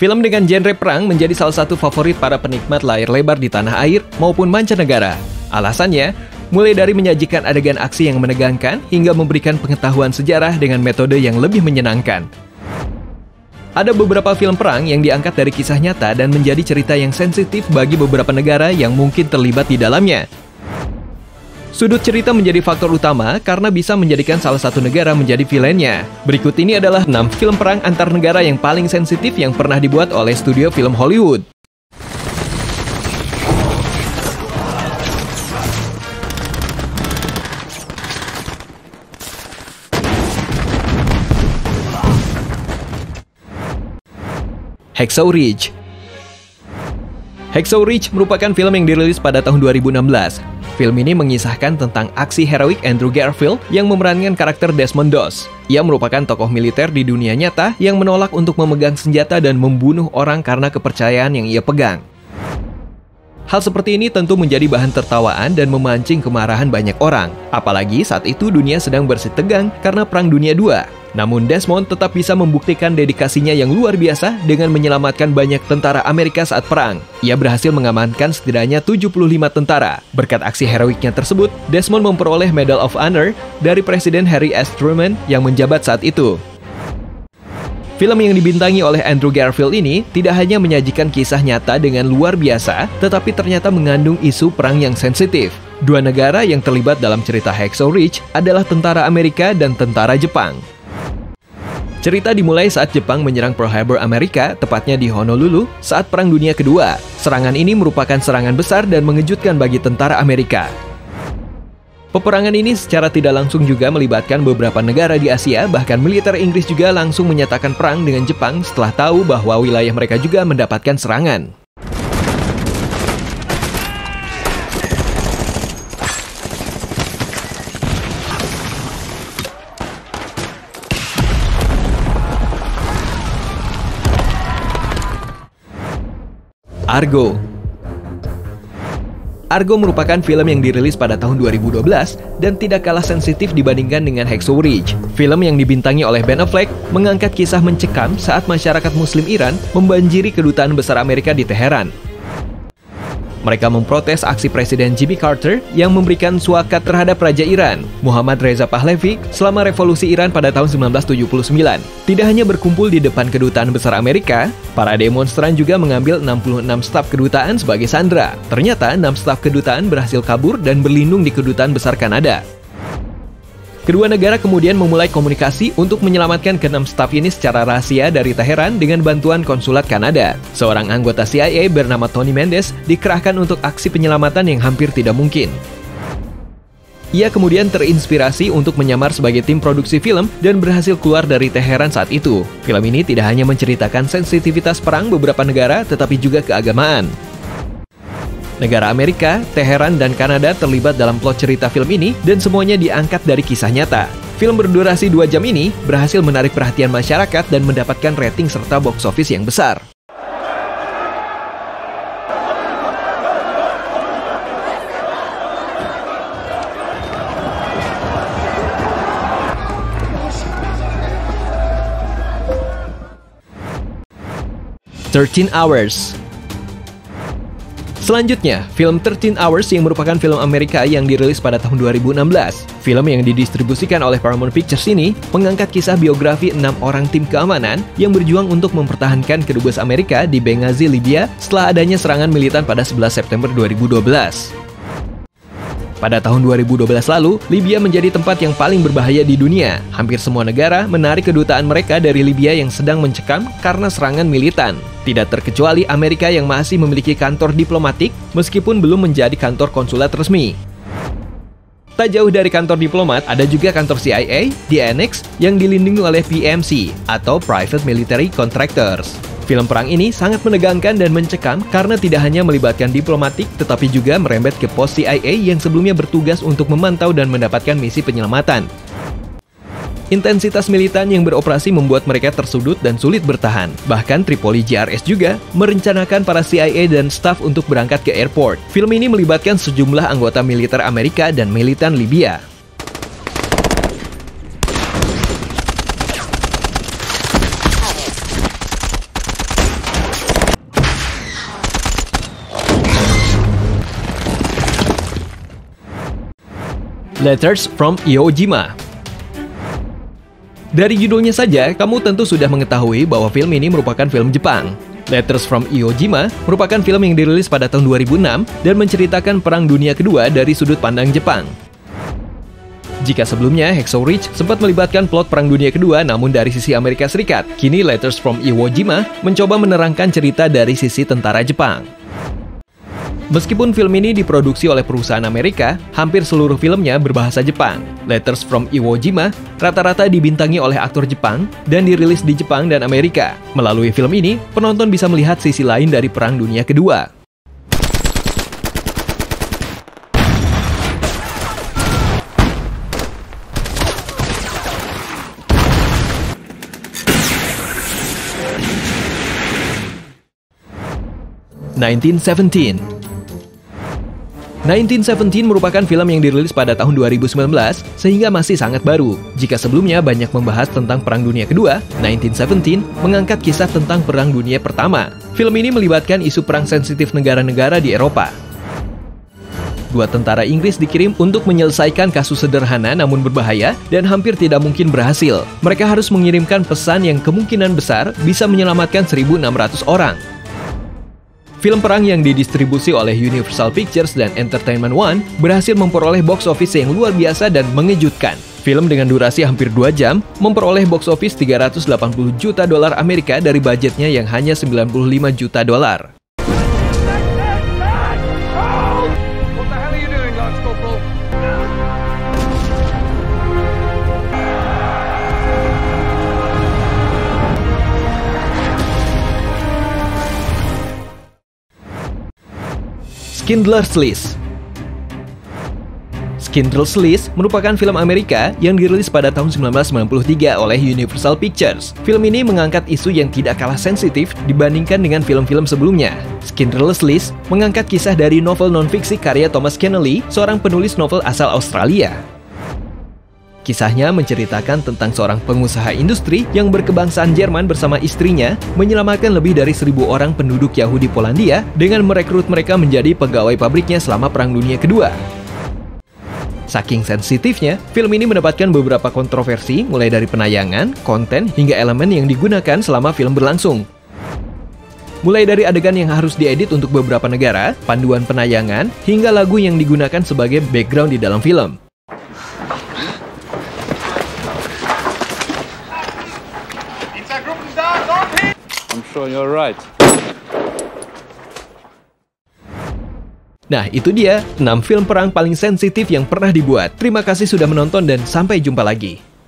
Film dengan genre perang menjadi salah satu favorit para penikmat layar lebar di tanah air maupun mancanegara. Alasannya, mulai dari menyajikan adegan aksi yang menegangkan hingga memberikan pengetahuan sejarah dengan metode yang lebih menyenangkan. Ada beberapa film perang yang diangkat dari kisah nyata dan menjadi cerita yang sensitif bagi beberapa negara yang mungkin terlibat di dalamnya. Sudut cerita menjadi faktor utama karena bisa menjadikan salah satu negara menjadi filenya. Berikut ini adalah 6 film perang antar negara yang paling sensitif yang pernah dibuat oleh studio film Hollywood. Hexo Ridge Hexo Ridge merupakan film yang dirilis pada tahun 2016. Film ini mengisahkan tentang aksi heroik Andrew Garfield yang memerankan karakter Desmond Doss. Ia merupakan tokoh militer di dunia nyata yang menolak untuk memegang senjata dan membunuh orang karena kepercayaan yang ia pegang. Hal seperti ini tentu menjadi bahan tertawaan dan memancing kemarahan banyak orang. Apalagi saat itu dunia sedang bersih karena Perang Dunia II. Namun Desmond tetap bisa membuktikan dedikasinya yang luar biasa dengan menyelamatkan banyak tentara Amerika saat perang. Ia berhasil mengamankan setidaknya 75 tentara. Berkat aksi heroiknya tersebut, Desmond memperoleh Medal of Honor dari Presiden Harry S. Truman yang menjabat saat itu. Film yang dibintangi oleh Andrew Garfield ini tidak hanya menyajikan kisah nyata dengan luar biasa, tetapi ternyata mengandung isu perang yang sensitif. Dua negara yang terlibat dalam cerita Hexo Ridge adalah tentara Amerika dan tentara Jepang. Cerita dimulai saat Jepang menyerang Pearl Harbor Amerika, tepatnya di Honolulu, saat Perang Dunia Kedua. Serangan ini merupakan serangan besar dan mengejutkan bagi tentara Amerika. Peperangan ini secara tidak langsung juga melibatkan beberapa negara di Asia, bahkan militer Inggris juga langsung menyatakan perang dengan Jepang setelah tahu bahwa wilayah mereka juga mendapatkan serangan. Argo Argo merupakan film yang dirilis pada tahun 2012 dan tidak kalah sensitif dibandingkan dengan Hexo Ridge. Film yang dibintangi oleh Ben Affleck mengangkat kisah mencekam saat masyarakat muslim Iran membanjiri kedutaan besar Amerika di Teheran mereka memprotes aksi Presiden Jimmy Carter yang memberikan suaka terhadap Raja Iran, Muhammad Reza Pahlavi, selama revolusi Iran pada tahun 1979. Tidak hanya berkumpul di depan kedutaan besar Amerika, para demonstran juga mengambil 66 staf kedutaan sebagai sandra. Ternyata, 6 staf kedutaan berhasil kabur dan berlindung di kedutaan besar Kanada. Kedua negara kemudian memulai komunikasi untuk menyelamatkan keenam staf ini secara rahasia dari Teheran dengan bantuan konsulat Kanada. Seorang anggota CIA bernama Tony Mendes dikerahkan untuk aksi penyelamatan yang hampir tidak mungkin. Ia kemudian terinspirasi untuk menyamar sebagai tim produksi film dan berhasil keluar dari Teheran saat itu. Film ini tidak hanya menceritakan sensitivitas perang beberapa negara, tetapi juga keagamaan. Negara Amerika, Teheran, dan Kanada terlibat dalam plot cerita film ini dan semuanya diangkat dari kisah nyata. Film berdurasi 2 jam ini berhasil menarik perhatian masyarakat dan mendapatkan rating serta box office yang besar. Thirteen Hours Selanjutnya, film 13 Hours yang merupakan film Amerika yang dirilis pada tahun 2016. Film yang didistribusikan oleh Paramount Pictures ini mengangkat kisah biografi enam orang tim keamanan yang berjuang untuk mempertahankan kedubes Amerika di Benghazi, Libya setelah adanya serangan militan pada 11 September 2012. Pada tahun 2012 lalu, Libya menjadi tempat yang paling berbahaya di dunia. Hampir semua negara menarik kedutaan mereka dari Libya yang sedang mencekam karena serangan militan. Tidak terkecuali Amerika yang masih memiliki kantor diplomatik meskipun belum menjadi kantor konsulat resmi. Tak jauh dari kantor diplomat, ada juga kantor CIA di Annex yang dilindungi oleh PMC atau Private Military Contractors. Film perang ini sangat menegangkan dan mencekam karena tidak hanya melibatkan diplomatik, tetapi juga merembet ke pos CIA yang sebelumnya bertugas untuk memantau dan mendapatkan misi penyelamatan. Intensitas militan yang beroperasi membuat mereka tersudut dan sulit bertahan. Bahkan Tripoli JRS juga merencanakan para CIA dan staf untuk berangkat ke airport. Film ini melibatkan sejumlah anggota militer Amerika dan militan Libya. Letters from Iwo Jima. Dari judulnya saja, kamu tentu sudah mengetahui bahwa film ini merupakan film Jepang. Letters from Iwo Jima merupakan film yang dirilis pada tahun 2006 dan menceritakan Perang Dunia Kedua dari sudut pandang Jepang. Jika sebelumnya Hexo Ridge sempat melibatkan plot Perang Dunia Kedua namun dari sisi Amerika Serikat, kini Letters from Iwo Jima mencoba menerangkan cerita dari sisi tentara Jepang. Meskipun film ini diproduksi oleh perusahaan Amerika, hampir seluruh filmnya berbahasa Jepang. Letters from Iwo Jima rata-rata dibintangi oleh aktor Jepang dan dirilis di Jepang dan Amerika. Melalui film ini, penonton bisa melihat sisi lain dari Perang Dunia Kedua. Nineteen Seventeen 1917 merupakan film yang dirilis pada tahun 2019 sehingga masih sangat baru. Jika sebelumnya banyak membahas tentang Perang Dunia Kedua, 1917 mengangkat kisah tentang Perang Dunia Pertama. Film ini melibatkan isu perang sensitif negara-negara di Eropa. Dua tentara Inggris dikirim untuk menyelesaikan kasus sederhana namun berbahaya dan hampir tidak mungkin berhasil. Mereka harus mengirimkan pesan yang kemungkinan besar bisa menyelamatkan 1.600 orang. Film perang yang didistribusi oleh Universal Pictures dan Entertainment One berhasil memperoleh box office yang luar biasa dan mengejutkan. Film dengan durasi hampir 2 jam memperoleh box office 380 juta dolar Amerika dari budgetnya yang hanya 95 juta dolar. Schindler's List. Schindler's List merupakan film Amerika yang dirilis pada tahun 1993 oleh Universal Pictures. Film ini mengangkat isu yang tidak kalah sensitif dibandingkan dengan film-film sebelumnya. Schindler's List mengangkat kisah dari novel nonfiksi karya Thomas Kennelly, seorang penulis novel asal Australia. Kisahnya menceritakan tentang seorang pengusaha industri yang berkebangsaan Jerman bersama istrinya menyelamatkan lebih dari seribu orang penduduk Yahudi Polandia dengan merekrut mereka menjadi pegawai pabriknya selama Perang Dunia Kedua. Saking sensitifnya, film ini mendapatkan beberapa kontroversi mulai dari penayangan, konten, hingga elemen yang digunakan selama film berlangsung. Mulai dari adegan yang harus diedit untuk beberapa negara, panduan penayangan, hingga lagu yang digunakan sebagai background di dalam film. you're right. Nah, itu dia 6 film perang paling sensitif yang pernah dibuat. Terima kasih sudah menonton dan sampai jumpa lagi.